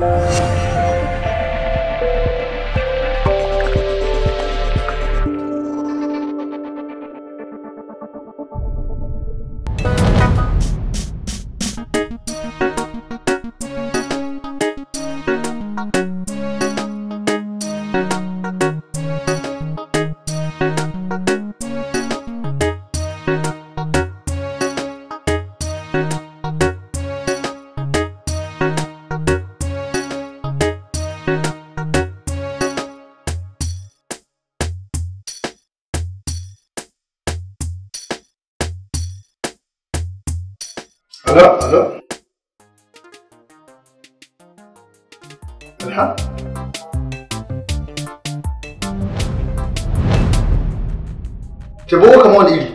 Thank you. Hello? Alha? Taimako kamar wani iri.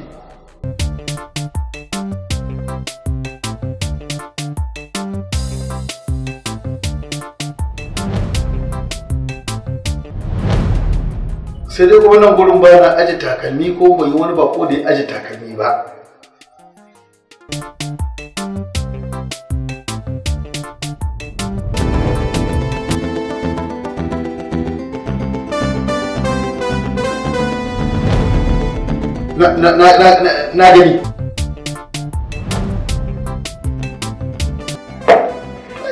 sai dai kuma gurin bayan na aji takalmi ko bai wani bako da ya ajiye takalmi ba na gani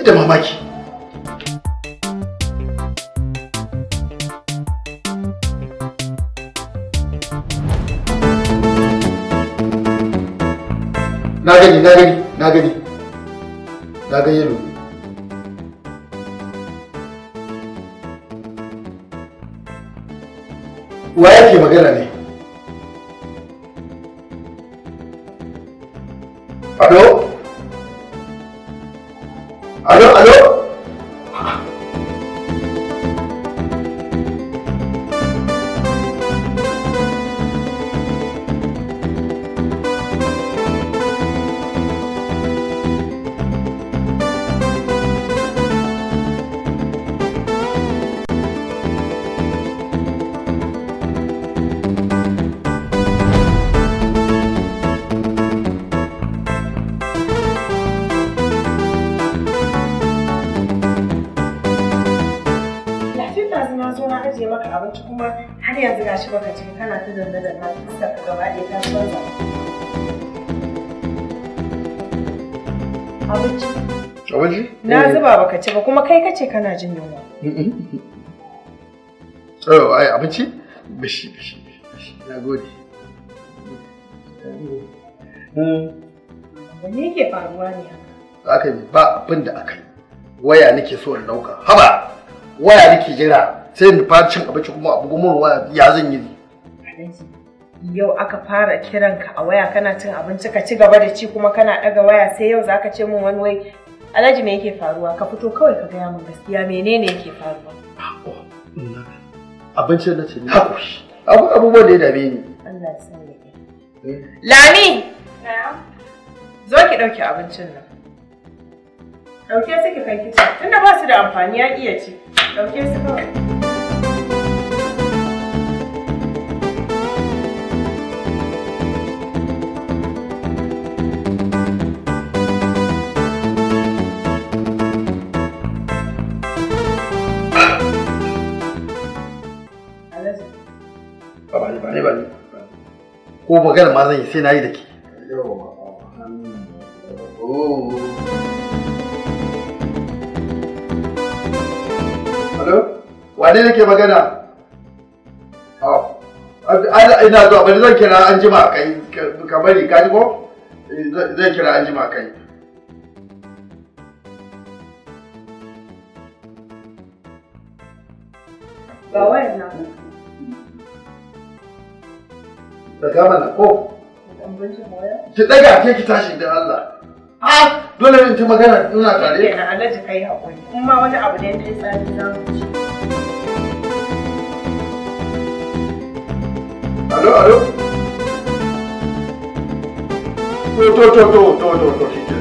da mamaki na gani na gani na gani na gani yelo wa yake magana ne ta da na fuska ka gaba ɗaya ta Na eh. zuba baka ci ba kuma kai kace kana jin yunwa. Oh, ai abinci? Bishi bishi bishi. Na gode. ne yake faruwa ne haka? Aka yi ba abin da aka yi. Waya nake so in ɗauka. Haba! Waya nake jira. Sai in fara cin abinci kuma abu bugu waya ya zan yi. aiki yau aka fara kiran ka a waya kana cin abinci ka ci gaba da ci kuma kana daga waya sai yau za ka ce min wani wai alhaji me yake faruwa ka fito kawai ka gaya min gaskiya menene yake faruwa oh, abincin na ce ne hakushi abu abubuwan da ya dame ni Allah ya sani eh. Lami na'am zo ki dauki abincin nan dauke su ki kai kicin tunda ba su da amfani ya iya ci dauke su kawai ko magana ma zan yi sai na yi da ke oh. Hello? Wane ke magana? Oh. ina zuwa bari zan kira an jima kai ka bari ka ko eh, zan kira an jima kai ba wayan nan daga mana ko ki ɗaga ke ki tashi da Allah a dole ne ta magana ina tare kai kuma wani abu ne da ya alo alo to to to to to to to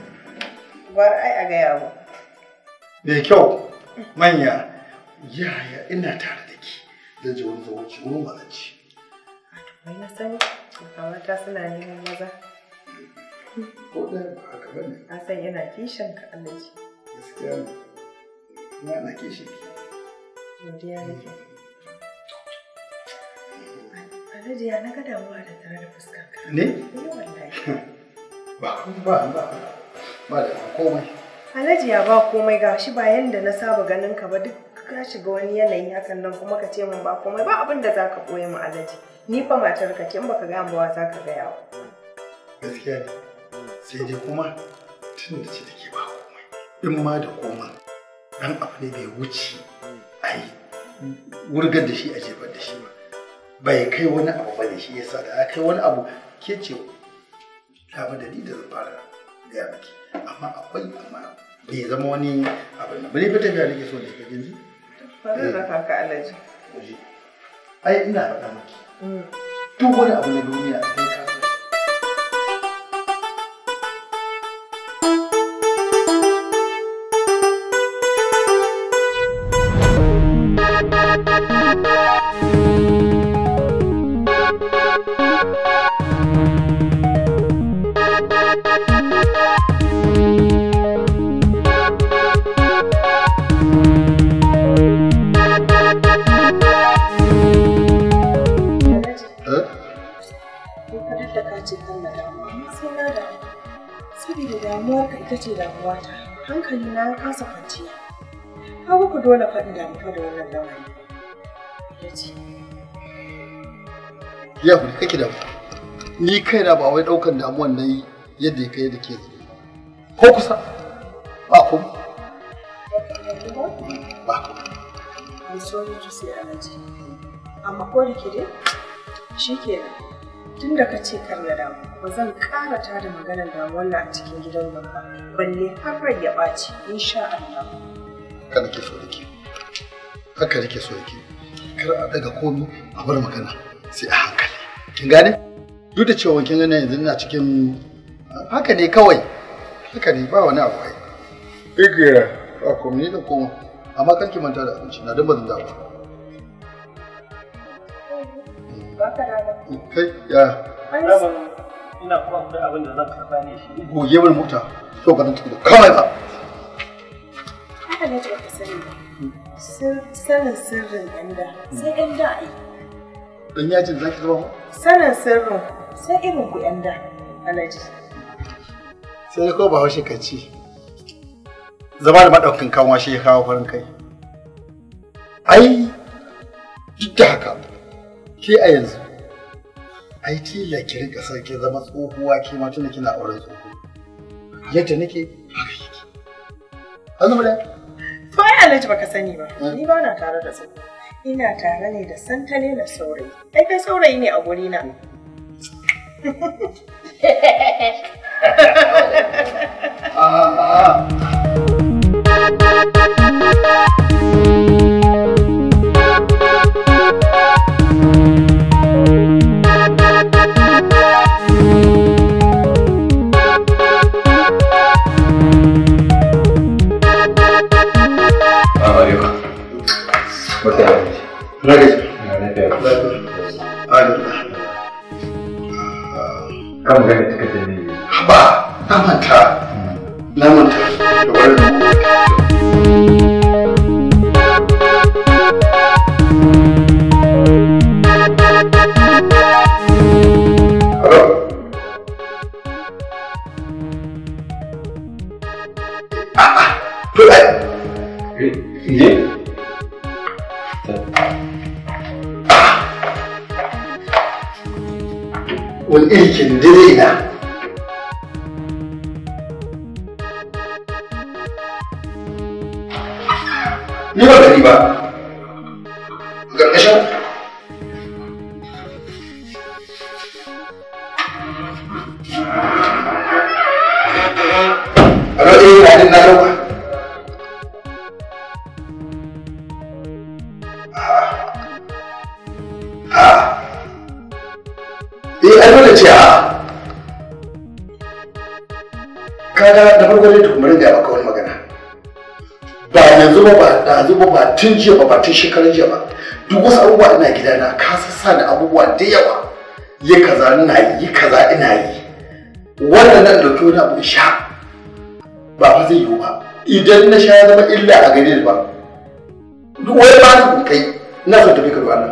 bar ai a gaya mu kyau manya yaya ina tare da ki zan wani wai na sani suna neman maza ko da haka ba ne na san yana kishin ka Allah ce gaskiya ne kishin ki godiya nake Alhaji ya na ga damuwa da tare da fuskar ka. Ne? Ni eh, wallahi. Ba ba ba. ba da komai alhaji ya ba komai ga shi ba yanda na saba ganin ka ba duk ka shiga wani yanayi hakan nan kuma ka ce min ba komai ba abin da za ka koya mu alhaji ni fa matar ka ce in baka gaya ba za ka gaya wa gaskiya ne sai dai kuma tun da ce take ba komai in ma da koma dan abu ne bai wuce a yi wurgar da shi a jefar da shi ba bai kai wani abu ba da shi yasa da kai wani abu ke ce ta ba dalilin da zan fara gaya amma akwai amma bai zama wani abu ne bane fita biya nake so ne ka jinji bari eh. raka ka alaji ai ina faɗa miki mm. duk wani abu na duniya akwai dole faɗin da fito da wannan lamarin. Ya ku kake da ni kaina ba wai ɗaukan damuwan na yi yadda ya kai da ke ko kusa ba ku ba ku. so tsoron ki sai a ji Amma ko da ke dai shi Tun da ka ce kar na damu, ba zan ƙara ta da maganar da na a cikin gidan nan ba, balle har ya ɓaci, insha Allah. haka ke so da ke haka nake so da ke kar a daga komi a bar magana sai a hankali kin gane duk da cewa kin gane yanzu ina cikin haka ne kawai haka ne ba wani abu kai igiya a komi da koma amma kan ki manta da abinci na dan bazan dawo mm, kai ya ina kuma abin da zan karɓa ne shi goge mota to ka zan tafi da kawai ba halatta ba ka sani sanin sirrin ganda sai ganda a yi dan yajin za ki zama sanin sirrin sai irin ku yanda alhaji sai ya ko ba haushe ka ci zama da maɗaukin kan washe ya kawo farin kai ai duk da haka ke a yanzu ai kila ki rinka sarki zama tsohuwa ke ma tunda kina auren tsohu. yadda nake haka yake To ai Alhaji baka sani ba, eh. ni ba na tare da su. Ina tare ne da santale na saurayi. Ai kai saurayi ne a guri na. Ah, ah. ah. wani ilkin direna ni ba gani ba tun jiya ba ba tun shekarun jiya ba duk wasu abubuwa ina gidana ka sassa da abubuwa da yawa yi kaza na yi kaza ina yi wannan nan da na mun sha ba fa zai yiwu ba idan na sha ya zama illa a gare ni ba duk wani ba ni kai na son tafi karuwa nan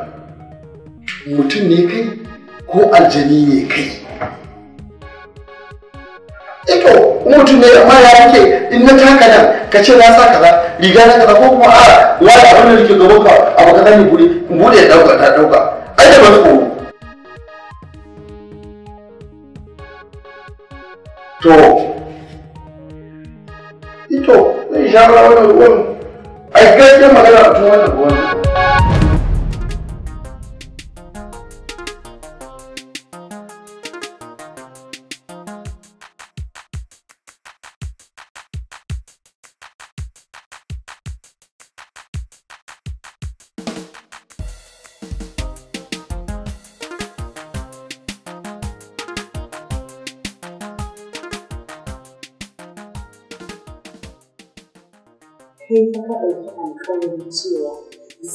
mutum ne kai ko aljani ne kai ito eh mutum ne amma ya yake in na taka nan ka ce na sa kaza riga na kaza ko kuma a wani abin da yake gaban ka abu kaza ne guri in bude ya dauka ta dauka ai da ba ko to ito zai sha wannan ruwan ga gaskiyar magana a tun wannan ruwan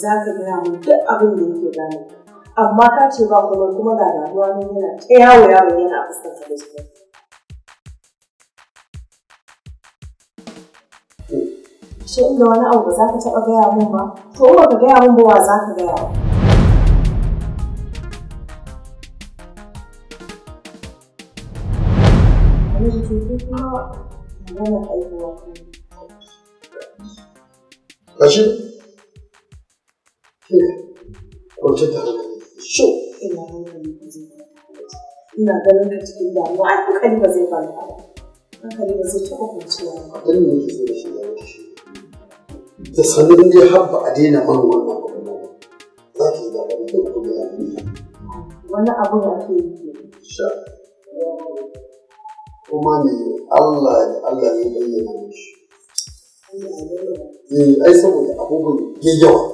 za ka gaya mun duk abin da yake ni, amma ka ce ba kuma kuma ga rayuwa ne yana ta yawo yawo yana fuskantar da shi shi inda wani abu ba za ka taɓa gaya mun ba to ba ka gaya mun ba wa za ka gaya mun Kashi? kwanci da hankali sho ina hankali ba zai da sanin dai har ba a daina man wannan za ki da wani abu da ake yi sha kuma ne Allah ne Allah ne bayyana mishi eh, ai saboda abubuwan yawa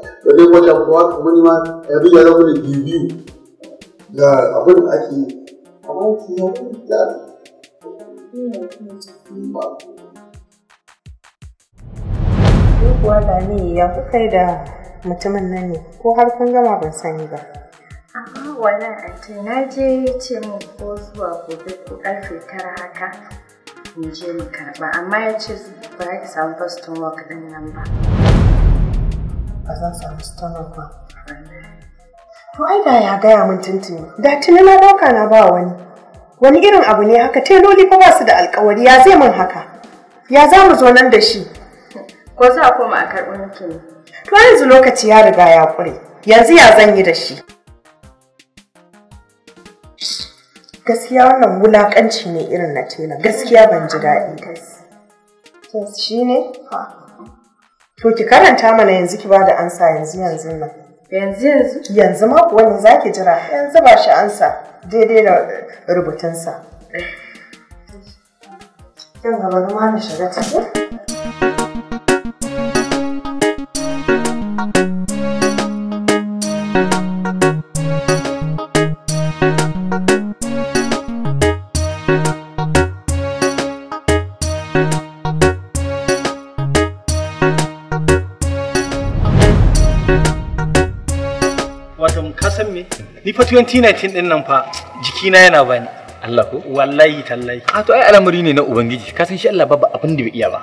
wajen wata kuwa kuma ni ma abin ya zama da biyu biyu ga abin da ake yi amma ki ya kuma da kuwa da ni ya fi kai da mutumin nan ne ko har kun gama ban sani ba. A'a wannan anti na je ce min ko zuwa gobe ko karfe tara haka in je mu karba amma ya ce ba ki samu bus to work din nan ba. ba za su samu stomach ba. To da ya gaya min tuntuni, da tuni na na ba wani. Wani irin abu ne haka teloli loli ba su da alkawari ya zai min haka. Ya za mu zo nan da shi. Ko za a koma a karɓi miki ne. To yanzu lokaci ya riga ya ƙure, yanzu ya zan yi da shi. Gaskiya wannan wulaƙanci ne irin na tela, gaskiya ban ji daɗi. Shi ne? Ha. To ki karanta mana yanzu ki bada ansa yanzu yanzu nan. Yanzu yanzu? Yanzu ma wani ne za ki jira yanzu ba shi ansa daidai da rubutunsa. Yan gaba ma na shiga ciki. ni fa 2019 din nan fa jikina yana bani Allah ko wallahi tallahi a to ai al'amari ne na ubangiji ka san shi Allah babu abin da bai iya ba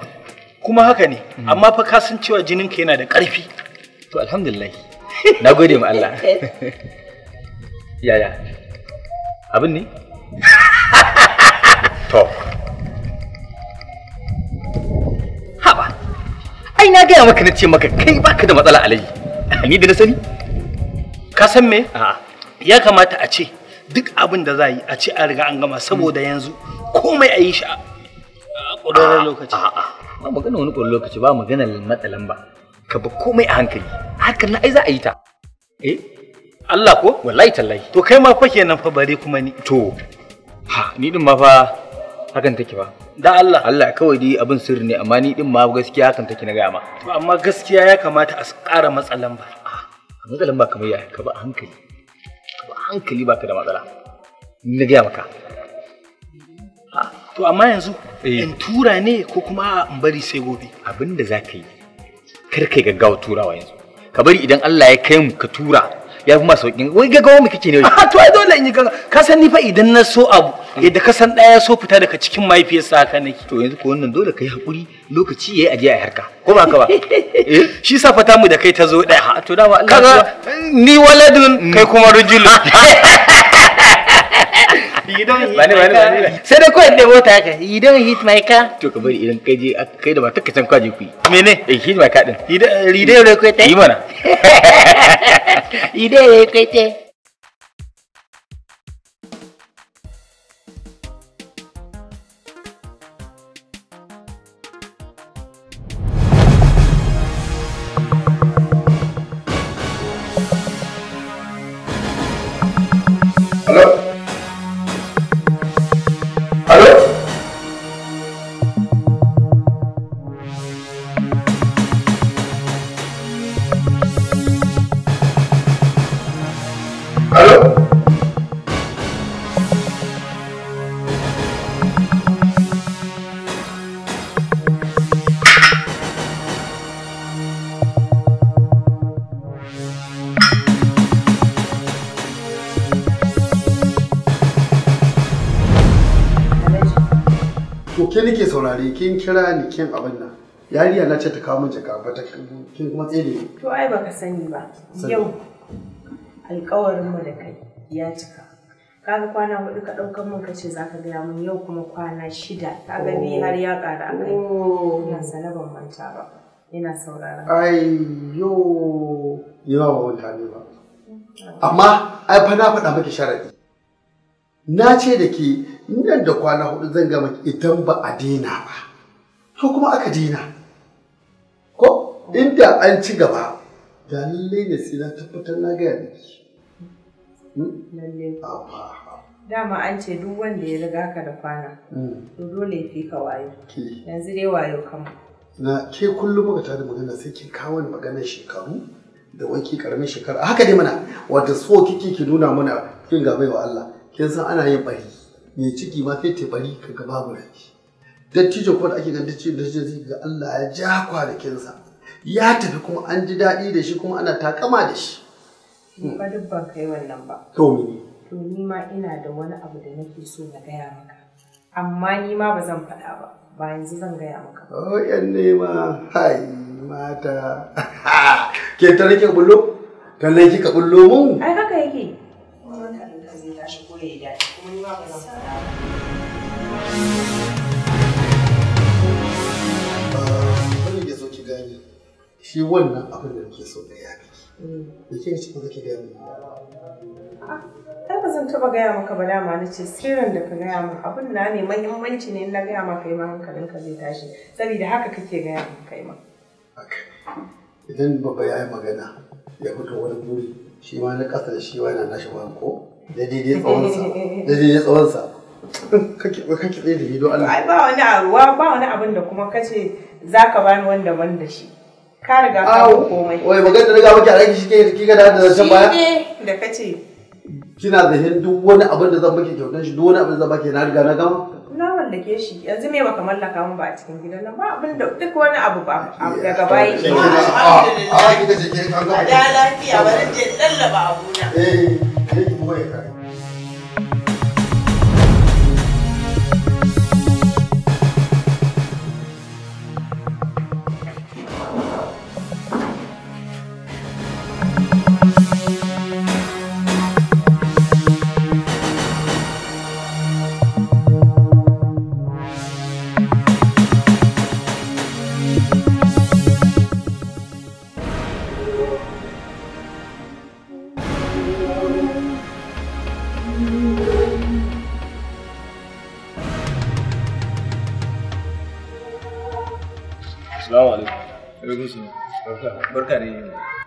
kuma haka ne mm. amma fa ka san cewa jinin ka yana da ƙarfi to alhamdulillah na gode ma Allah yaya abin ne to haba ai na gaya maka na ce maka kai baka da matsala alai. ni da na sani ka san me a'a ya kamata a ce duk abin da za yi a ce a riga an gama saboda hmm. yanzu komai a yi shi a ƙwararren lokaci ba magana wani ƙwararren lokaci ba magana matsalan ba ka ba komai a hankali hakan na ai za a yi ta eh Allah ko wallahi tallahi to kai ma fa nan fa bare kuma ni to ha ni din ma fa hakan take ba da Allah Allah kawai dai abin sirri ne amma ni din ma gaskiya hakan take na gaya ma to amma gaskiya ya kamata a ƙara matsalan ba matsalan ba kamar ya ka ba a hankali hankali ta da matsala na gaya maka to amma yanzu eh. in tura ne ko kuma in bari sai gobe abin da za ka yi kar kai gaggawa turawa yanzu ka bari idan Allah ya kai mu ka tura ya fi masu wai gaggawa mu kake ne wai to ai dole in yi gaggawa ka san ni fa idan na so abu yadda ka san ɗaya so fita daga cikin mahaifiyarsa haka nake to yanzu ko wannan dole kai hakuri lokaci yayi aje a harka ko ba ka ba eh, shi sa fata mu da kai ta zo ɗaya to dawa Allah kaga ni waladun mm. kai kuma rujulu sai da kawai ɗebo ta haka you hit mai ka. to ka bari idan kai je kai da matar ka can kwaje ku mene eh hit mai ka din you don't you yi mana ya don't requite Hello? saurari kin kira ni kin abin nan. Yariya na ce ta kawo min jaka ba ta kin kuma tsere. To ai baka sani ba. Yau alƙawarin mu da kai ya cika. Kaga kwana hudu ka ɗaukar mun ka ce za ka gaya mun yau kuma kwana shida. Ka ga ni har ya ƙara a kai. Oh. Ina sana ban manta ba. Ina saurara. Ai yo ni ba ban manta ne ba. Amma ai fa na faɗa miki sharadi. Na ce da ke nan da kwana hudu zan gama idan ba a dina ba to kuma aka dina ko inda an ci gaba da lallai ne sai na tabbatar na gaya miki hmm? dama an ce duk wanda ya riga ka da kwana hmm. to dole fi ka wayo yanzu dai wayo kama na ke kullum muka tare magana sai kin kawo maganar shekaru da wanki karamin shekara haka dai mana wata so kike ki nuna mana kin ga baiwa Allah kin san ana yin bari mai ciki ma sai tebari ka ga babu rai dattijo ko da ake ganin dattijo dattijo sai ga Allah ya ja kwanakinsa ya tafi kuma an ji daɗi da shi kuma ana takama da shi ba duk ba kai wannan ba to ni to ni ma ina da wani abu da nake so na gaya maka amma ni ma ba zan faɗa ba ba yanzu zan gaya maka oh yan ma, hai mata ke ta nake bullo ta nake ka bullo mun ai haka yake zuwa ga nan zo ki gane shi wannan abin da nake so da ya da ke cikin zaki gaya min ah, ai ba zan taba gaya maka ba dama na ce sirrin da ka gaya min abin na ne mahimmanci ne na gaya maka ma ka zai tashi saboda haka kake gaya min kai ma idan baba ya yi magana ya fito wani guri shi ma na kasa da shi ma yana nashi ko da daidai tsawonsa da daidai tsawonsa kake kake tsaye da ni don Allah ai ba wani ruwa ba wani abin da kuma kace zaka bani wanda ban da shi ka riga ka komai wai magana da riga miki alaƙi shike kika da da zancen baya shi da kace kina da hin duk wani abin da zan miki kyautan shi duk wani abin da zan miki na riga na gama na mallake shi yanzu me baka mallaka mun ba a cikin gidan nan ba abin da duk wani abu ba daga bayi ah, ah, a a kika je kin kan ga da lafiya bari je dallaba abuna eh kuweka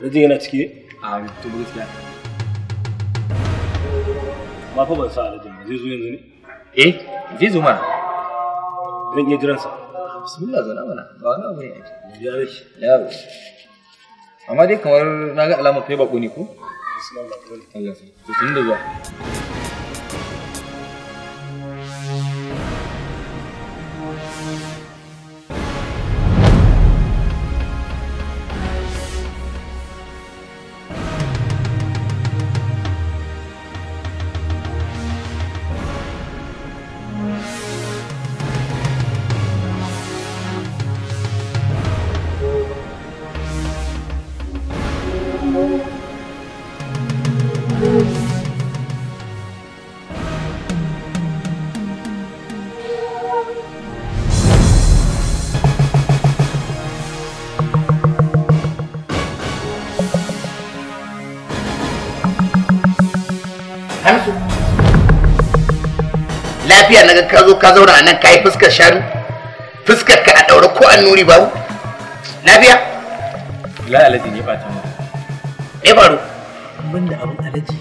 Rajin yana ciki? A to gaskiya. Ma fa ban sa rajin ba zai zo yanzu ne? Eh, zai zo mana. Zan iya jiransa. Bismillah zana mana. Ba wani abu ne. Ya rashi. Ya rashi. Amma dai kamar na ga alamar kai bako ne ko? Bismillah. Allah sai. To tun da zuwa. lafiya na ka zo ka zauna a nan ka yi fuskar shanu fuskar ka a ɗaure ko an nuri babu lafiya la alaji ne ba tamu ne faru ban da abin alaji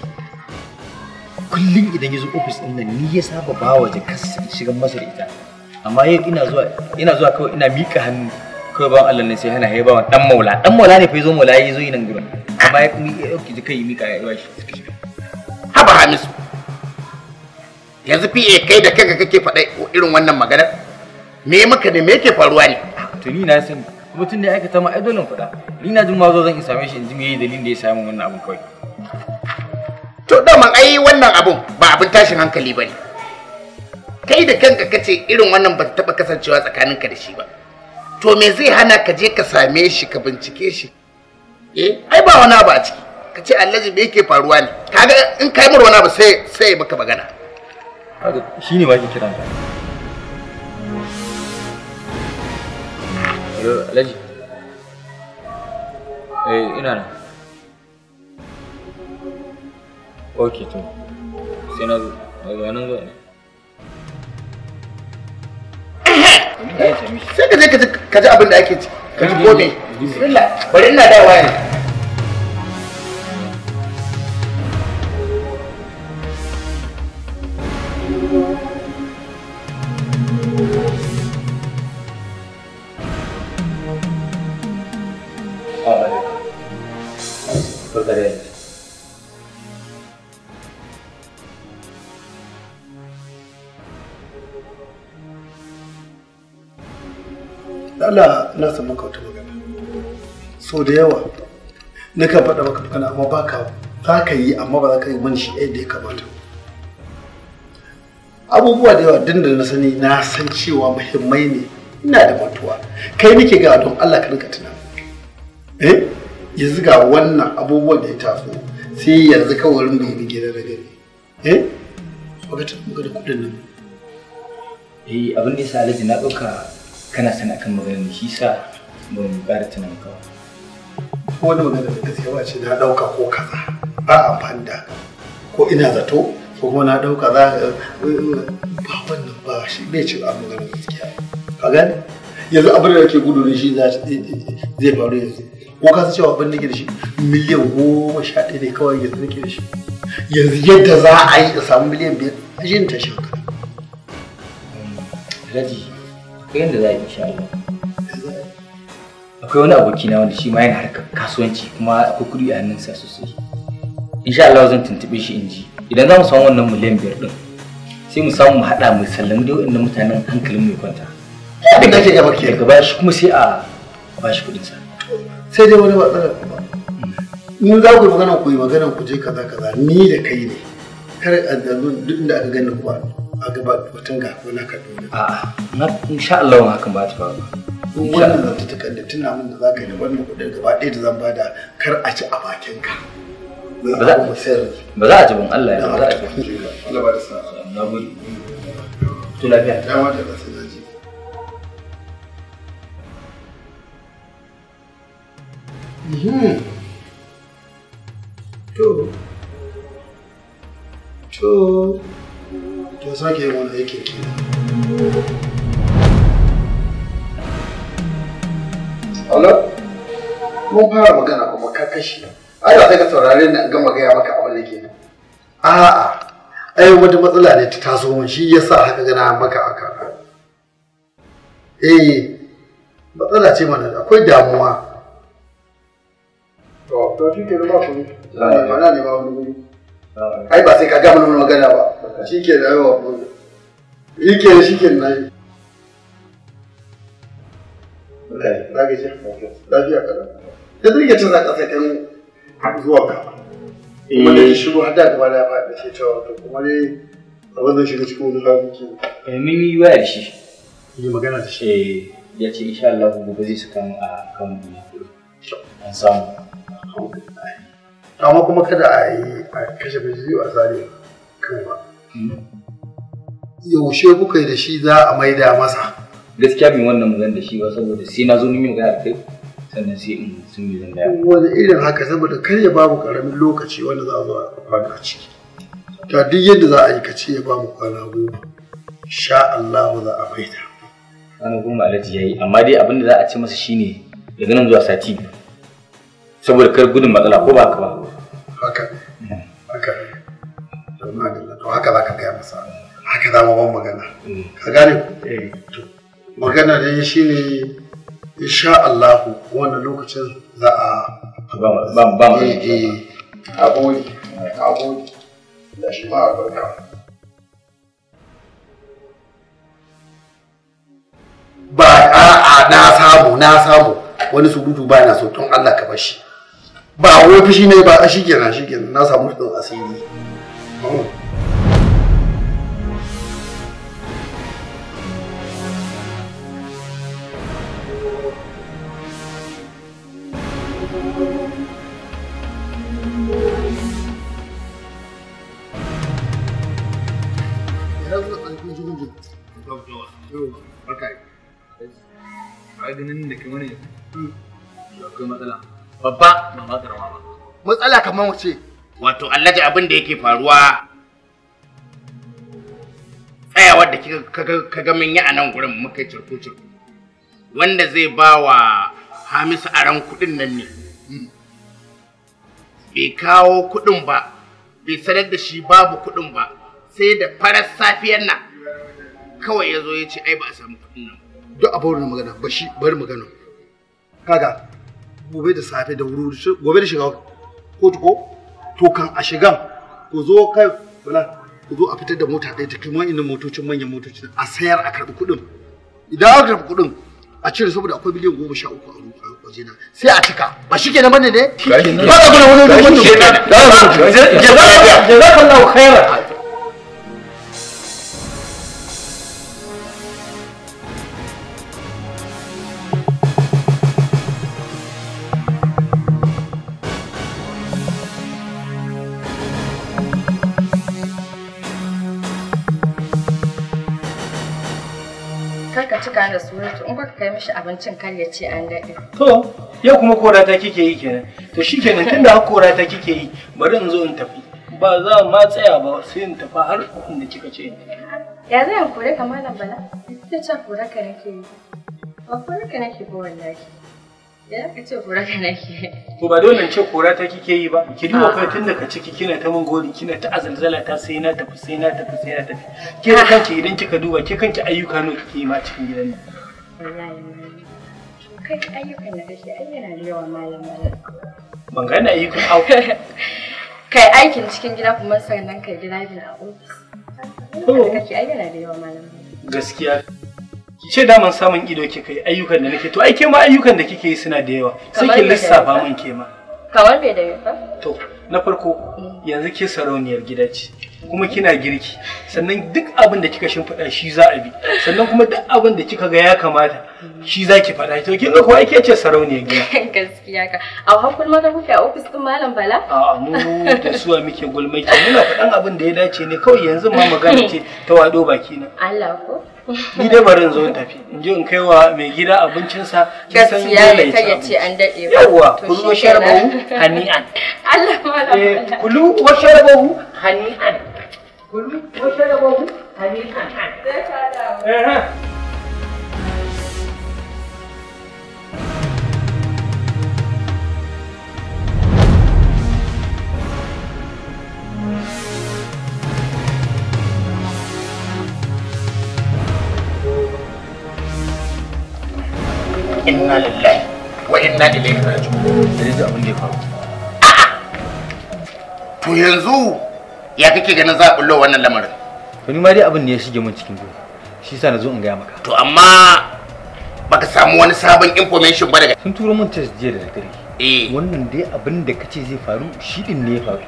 kullum idan ya zo ofis ɗin nan ni ya saba ba wa jakarsa shigan masa ita amma yau ina zuwa ina zuwa kawai ina miƙa hannu kawai bawan Allah ne sai hana ya wa dan maula dan maula ne fa yazo maula ya zo yi nan gaba amma ya kuma ya ɗauki jikai yi miƙa ya yi shi haba hamisu yanzu fiye kai da kanka kake faɗa irin wannan maganar me maka ne me yake faruwa ne ah, to ni na sani kuma tun da ya aikata ma ai dole faɗa ni na jin ma zo zan in same shi in ji me yayi dalilin da ya samu wannan abun kawai to daman ai wannan abun ba abin tashin hankali bane kai da kanka kace irin wannan ba ta taɓa kasancewa tsakaninka da shi ba to me zai hana ka je ka same shi ka bincike shi eh ai ba wani abu a ciki ka ce allaji me yake faruwa ne kaga in kai mur wani abu sai sai maka magana shi ne bakin kiran ka alhaji eh ina nan ok to sai na zo daga nan zo ne sai ka je ka ji abin da ake ci ka ji ko bari ina dawowa ne Allah na samu ka wata magana so da yawa na kan faɗa maka magana amma ba ka za ka yi amma ba za ka yi mani shi yadda ya kamata abubuwa da yawa dinda da na sani na san cewa muhimmai ne ina da matuwa kai nake ga don Allah ka rinka tunani eh yanzu ga wannan abubuwan da ya taso sai yanzu kawai rin bai gida da gari eh baka tafi da kudin nan eh abin da yasa Alhaji na ɗauka kana sana kan maganar shi sa ba mu bar da tunan ka ko da magana da ta tsayawa ce na ɗauka ko kaza ba amfani da ko ina zato ko kuma na ɗauka za ba wannan ba shi bai ci a maganin gaskiya ka gani yanzu abin da ke gudu ne shi zai faru yanzu ko ka san cewa abin da shi miliyan goma sha ɗaya ne kawai yanzu nake da shi yanzu yadda za a yi a samu miliyan biyar a shi ta shan kana. akwai yadda za a yi akwai wani aboki na wanda shi ma yana harkar kasuwanci kuma akwai kudi a sa sosai insha Allah zan tuntuɓe shi in ji idan za mu samu wannan miliyan biyar ɗin sai mu samu mu haɗa mu sallami da waɗannan mutanen hankalin mai kwanta da kace ya baki daga baya shi kuma sai a ba shi kuɗin sa sai dai wani ba tsara kuma in hmm. za ku yi magana ku yi magana ku je kaza kaza ni da kai ne kar a duk inda aka gani kuwa a gaba batun ga ko na Kaduna. A'a, na insha Allah wannan hakan ba ta faru. Wannan zan ta takarda tuna min da za ka yi wannan kuɗin gaba ɗaya da zan bada kar a ci a bakin ka. Ba za a ci ban Allah ya ba za a ci. Allah ba da sa'a. Na gode. Tu lafiya. Ya wata da sa'a. To. To. kin sake yin wani aikin ki Allah mun fara magana kuma ka kashi ai ba sai ka saurare ni gama gaya maka abin da ke a'a ai wata matsala ne ta taso mun shi yasa haka gana maka aka eh matsala ce mana akwai damuwa to to kike ke ba ku ne ba ne ba wani guri ai ba sai ka gama nuna magana ba shi ke da yawa shi ke shi ke na yi lafiya kaɗan da zirga cin zaka sakin zuwa ka wanda ya shigo har da gaba da ba da shi cewa to kuma dai abin zai shiga cikin wani lafi ke eh, mun yi waya da shi yi magana da shi eh, ya ce insha Allah gobe zai a kan an samu amma kuma kada a yi a kashe biyu a zare kan ba yaushe kuka yi da shi za a maida masa gaskiya bin wannan magana da shi ba saboda sai na zo ni mai gaya kai sannan sai in sun yi zan daya wani irin haka saboda kar ya babu karamin lokaci wanda za a zo a kwana a ciki ta duk yadda za a yi ka ce ya bamu kwana goma sha Allah za a maida kwana goma alaji yi. amma dai abin da za a ce masa shine daga nan zuwa sati biyu saboda kar gudun matsala ko ba ka ba haka haka domin adalla to haka za ka gaya masa haka za mu ban magana ka gane eh. to magana da shi ne insha Allah wannan lokacin za a ba mu ba ba eh abodi abodi da shi ma barka ba a'a na samu na samu wani surutu ba na so tun Allah ka bar shi ba wai fushi ne ba shi kenan shi kenan na samu hudun asiri babba mama ma karama ba matsala kamar wace wato allaji abin da yake faruwa tsayawar da kika ga min yi a nan gurin muka cirku cirku wanda zai ba wa hamisu aran kuɗin nan ne hmm. bai kawo kuɗin ba bai sanar da shi babu kuɗin ba sai da farar safiyar nan kawai ya zo ya ce ai ba a samu kuɗin nan duk abubuwan magana ba shi bari magana kaga gobe da safe da wuri gobe da shiga kotu ko to kan a shigan ku zo kai bala ku zo a fitar da mota ɗaya cikin inda motocin manyan motocin a sayar a karɓi kuɗin idan aka karɓi kuɗin a cire saboda akwai miliyan goma sha uku a wajena sai a cika ba shi kenan bane ne ba da kuna wani wani wani wani wani wani wani wani wani wani wani wani wani mishi abincin kar ya ce an daɗe. To, yau kuma korata kike yi kenan. To shi kenan tun da korata kike yi bari in zo in tafi. Ba za ma tsaya ba sai in tafi har da kika ce. Ya zai in kore ka malam bala? Ita ce kora ka nake yi. Ba kora ka nake ba wallahi. Ya ka ce kora ka nake. To ba dole in ce ta kike yi ba. Ki duba kai tun daga ciki kina ta mun gori kina ta azalzala ta sai na tafi sai na tafi sai na tafi. Ke kanki idan kika duba ke kanki ayyuka ne kike yi ma cikin gidan nan. kai ayyukan da kake ai yana da yawa malam malam ban gane ayyukan au kai aikin cikin gida kuma sannan kai gida bin a ofis to oh. kake ai yana da yawa malam gaskiya ki ce daman samun ido ke kai ayyukan da nake to ai kema ayyukan da kike yi suna da yawa sai ki lissafa min kema kawar bai da yawa to na farko mm. yanzu ke sarauniyar gida ce kuma kina girki sannan duk abin da kika shimfiɗa shi za a bi sannan kuma duk abin da kika ga ya kamata shi za ki faɗa to kin ga ko ake ce sarauniyar gida gaskiya ka a hakun ma da kuke a ofis din malam bala a mu da suwa muke gulmai ke muna faɗan abin da ya dace ne kawai yanzu ma magana ce ta wado baki na Allah ko ni dai bari in zo in tafi in je in kai wa mai gida abincin sa san ne ta ya ce an dade ba yawa ku zo sharbahu hani'an Allah malam eh kulu wa sharbahu hani'an Gurmi, wace da babu? inna lillahi wa inna ilaihi raji'un abin da ya faru to yanzu ya kake ganin za a bullo wannan lamarin to ni ma dai abin ne ya shige min cikin gobe shi yasa nazo in gaya maka to amma baka samu wani sabon information ba daga sun turo min test jiya da dare eh wannan dai abin da kace zai faru shi din ne ya faru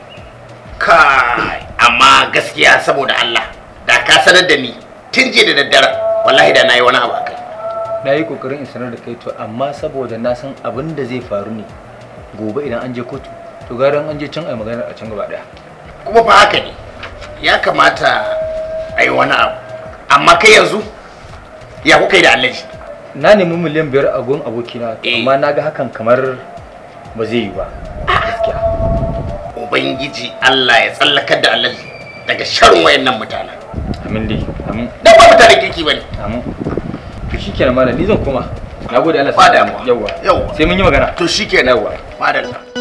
kai amma gaskiya saboda Allah da ka sanar da ni tun jiya da daddare wallahi da nayi wani abu akai na yi kokarin in sanar da kai to amma saboda na san abin da zai faru ne gobe idan an je kotu to gara an je can ai magana a can gaba daya kuma fa haka ne ya kamata a yi wani abu amma kai yanzu ya kuka yi da alaji. na nemi miliyan biyar a gun abokina eh. amma na ga hakan kamar ba zai yi ba gaskiya ubangiji allah ya tsallakar da alaji daga sharin wayannan mutanen amin dai amin dan ba mutanen kirki bane amin to shikenan malam ni zan koma nagode allah sai damuwa yawa sai mun yi magana to shikenan yawa madalla